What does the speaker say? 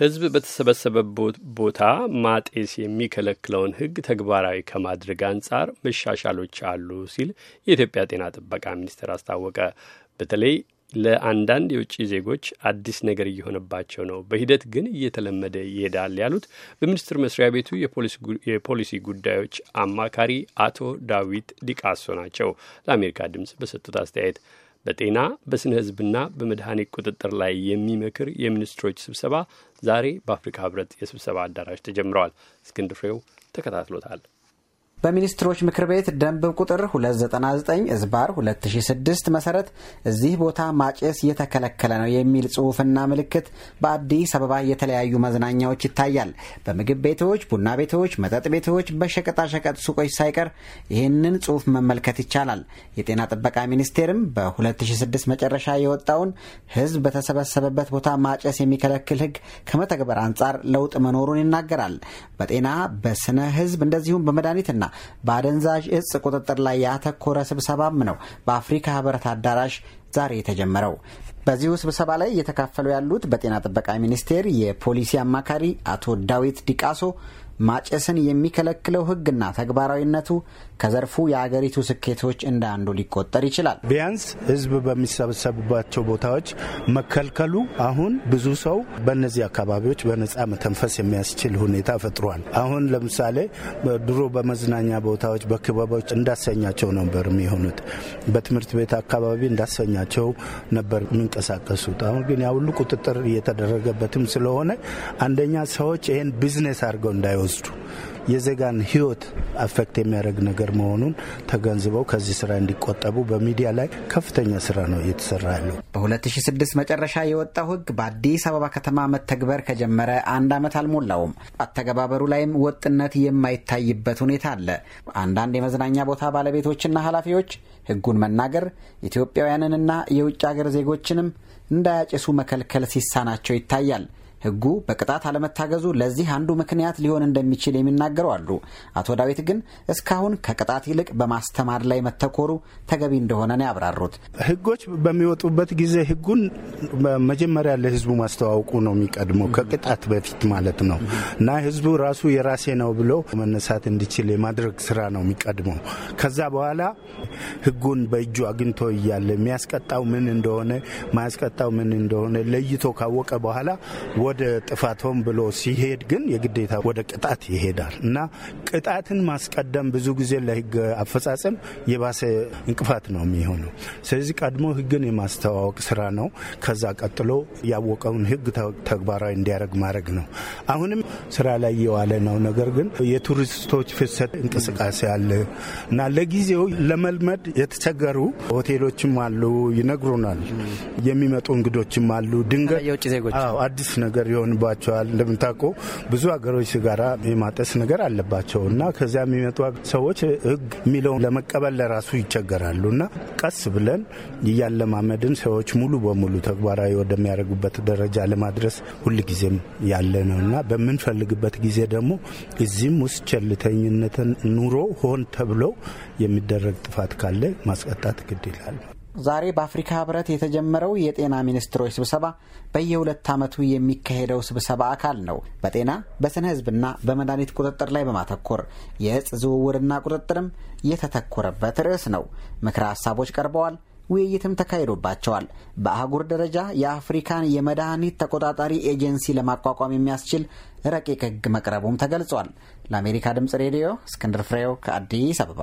ህዝብ በተሰበሰበበት ቦታ ማጤስ የሚከለክለውን ህግ ተግባራዊ ከማድረግ አንጻር መሻሻሎች አሉ ሲል የኢትዮጵያ ጤና ጥበቃ ሚኒስቴር አስታወቀ። በተለይ ለአንዳንድ የውጭ ዜጎች አዲስ ነገር እየሆነባቸው ነው፣ በሂደት ግን እየተለመደ ይሄዳል ያሉት በሚኒስቴር መስሪያ ቤቱ የፖሊሲ ጉዳዮች አማካሪ አቶ ዳዊት ዲቃሶ ናቸው። ለአሜሪካ ድምፅ በሰጡት አስተያየት በጤና በስነ ህዝብና በመድኃኒት ቁጥጥር ላይ የሚመክር የሚኒስትሮች ስብሰባ ዛሬ በአፍሪካ ህብረት የስብሰባ አዳራሽ ተጀምረዋል። እስክንድር ፍሬው ተከታትሎታል። በሚኒስትሮች ምክር ቤት ደንብ ቁጥር 299 እዝባር 2006 መሰረት እዚህ ቦታ ማጨስ እየተከለከለ ነው የሚል ጽሑፍና ምልክት በአዲስ አበባ የተለያዩ መዝናኛዎች ይታያል። በምግብ ቤቶች፣ ቡና ቤቶች፣ መጠጥ ቤቶች፣ በሸቀጣሸቀጥ ሱቆች ሳይቀር ይህንን ጽሑፍ መመልከት ይቻላል። የጤና ጥበቃ ሚኒስቴርም በ2006 መጨረሻ የወጣውን ሕዝብ በተሰበሰበበት ቦታ ማጨስ የሚከለክል ሕግ ከመተግበር አንጻር ለውጥ መኖሩን ይናገራል። በጤና በስነ ሕዝብ እንደዚሁም በመድኃኒትና በአደንዛዥ እጽ ቁጥጥር ላይ ያተኮረ ስብሰባም ነው በአፍሪካ ህብረት አዳራሽ ዛሬ የተጀመረው። በዚሁ ስብሰባ ላይ እየተካፈሉ ያሉት በጤና ጥበቃ ሚኒስቴር የፖሊሲ አማካሪ አቶ ዳዊት ዲቃሶ ማጨስን የሚከለክለው ሕግና ተግባራዊነቱ ከዘርፉ የአገሪቱ ስኬቶች እንደ አንዱ ሊቆጠር ይችላል። ቢያንስ ሕዝብ በሚሰበሰቡባቸው ቦታዎች መከልከሉ አሁን ብዙ ሰው በእነዚህ አካባቢዎች በነጻ መተንፈስ የሚያስችል ሁኔታ ፈጥሯል። አሁን ለምሳሌ ድሮ በመዝናኛ ቦታዎች፣ በክበቦች እንዳሰኛቸው ነበር የሚሆኑት። በትምህርት ቤት አካባቢ እንዳሰኛቸው ነበር የሚንቀሳቀሱት። አሁን ግን ያሁሉ ቁጥጥር እየተደረገበትም ስለሆነ አንደኛ ሰዎች ይህን ቢዝነስ አድርገው እንዳይወ ውስጡ የዜጋን ህይወት አፌክት የሚያደርግ ነገር መሆኑን ተገንዝበው ከዚህ ስራ እንዲቆጠቡ በሚዲያ ላይ ከፍተኛ ስራ ነው እየተሰራ ያለው። በ2006 መጨረሻ የወጣው ህግ በአዲስ አበባ ከተማ መተግበር ከጀመረ አንድ ዓመት አልሞላውም። አተገባበሩ ላይም ወጥነት የማይታይበት ሁኔታ አለ። አንዳንድ የመዝናኛ ቦታ ባለቤቶችና ኃላፊዎች ህጉን መናገር ኢትዮጵያውያንንና የውጭ ሀገር ዜጎችንም እንዳያጭሱ መከልከል ሲሳናቸው ይታያል። ህጉ በቅጣት አለመታገዙ ለዚህ አንዱ ምክንያት ሊሆን እንደሚችል የሚናገሩ አሉ። አቶ ዳዊት ግን እስካሁን ከቅጣት ይልቅ በማስተማር ላይ መተኮሩ ተገቢ እንደሆነ ነው ያብራሩት። ህጎች በሚወጡበት ጊዜ ህጉን መጀመሪያ ለህዝቡ ማስተዋወቁ ነው የሚቀድመው ከቅጣት በፊት ማለት ነው እና ህዝቡ ራሱ የራሴ ነው ብሎ መነሳት እንዲችል የማድረግ ስራ ነው የሚቀድመው። ከዛ በኋላ ህጉን በእጁ አግኝቶ እያለ የሚያስቀጣው ምን እንደሆነ ማያስቀጣው ምን እንደሆነ ለይቶ ካወቀ በኋላ ወደ ጥፋት ሆን ብሎ ሲሄድ ግን የግዴታ ወደ ቅጣት ይሄዳል እና ቅጣትን ማስቀደም ብዙ ጊዜ ለህግ አፈጻጸም የባሰ እንቅፋት ነው የሚሆነው። ስለዚህ ቀድሞ ህግን የማስተዋወቅ ስራ ነው። ከዛ ቀጥሎ ያወቀውን ህግ ተግባራዊ እንዲያደርግ ማድረግ ነው። አሁንም ስራ ላይ የዋለ ነው። ነገር ግን የቱሪስቶች ፍሰት እንቅስቃሴ አለ እና ለጊዜው ለመልመድ የተቸገሩ ሆቴሎችም አሉ፣ ይነግሩናል። የሚመጡ እንግዶችም አሉ። ድንገት አዲስ ነገር ነገር ይሆንባቸዋል። እንደምታውቀው ብዙ ሀገሮች ጋራ የማጠስ ነገር አለባቸው እና ከዚያ የሚመጡ ሰዎች ህግ የሚለውን ለመቀበል ለራሱ ይቸገራሉ እና ቀስ ብለን እያለማመድን ሰዎች ሙሉ በሙሉ ተግባራዊ ወደሚያደርጉበት ደረጃ ለማድረስ ሁልጊዜም ያለ ነው እና በምንፈልግበት ጊዜ ደግሞ እዚህም ውስጥ ቸልተኝነትን ኑሮ ሆን ተብሎ የሚደረግ ጥፋት ካለ ማስቀጣት ግድ ይላል። ዛሬ በአፍሪካ ህብረት የተጀመረው የጤና ሚኒስትሮች ስብሰባ በየሁለት ዓመቱ የሚካሄደው ስብሰባ አካል ነው። በጤና በስነ ህዝብና በመድኃኒት ቁጥጥር ላይ በማተኮር የእጽ ዝውውርና ቁጥጥርም የተተኮረበት ርዕስ ነው። ምክረ ሀሳቦች ቀርበዋል። ውይይትም ተካሂዶባቸዋል። በአህጉር ደረጃ የአፍሪካን የመድኃኒት ተቆጣጣሪ ኤጀንሲ ለማቋቋም የሚያስችል ረቂቅ ህግ መቅረቡም ተገልጿል። ለአሜሪካ ድምጽ ሬዲዮ እስክንድር ፍሬው ከአዲስ አበባ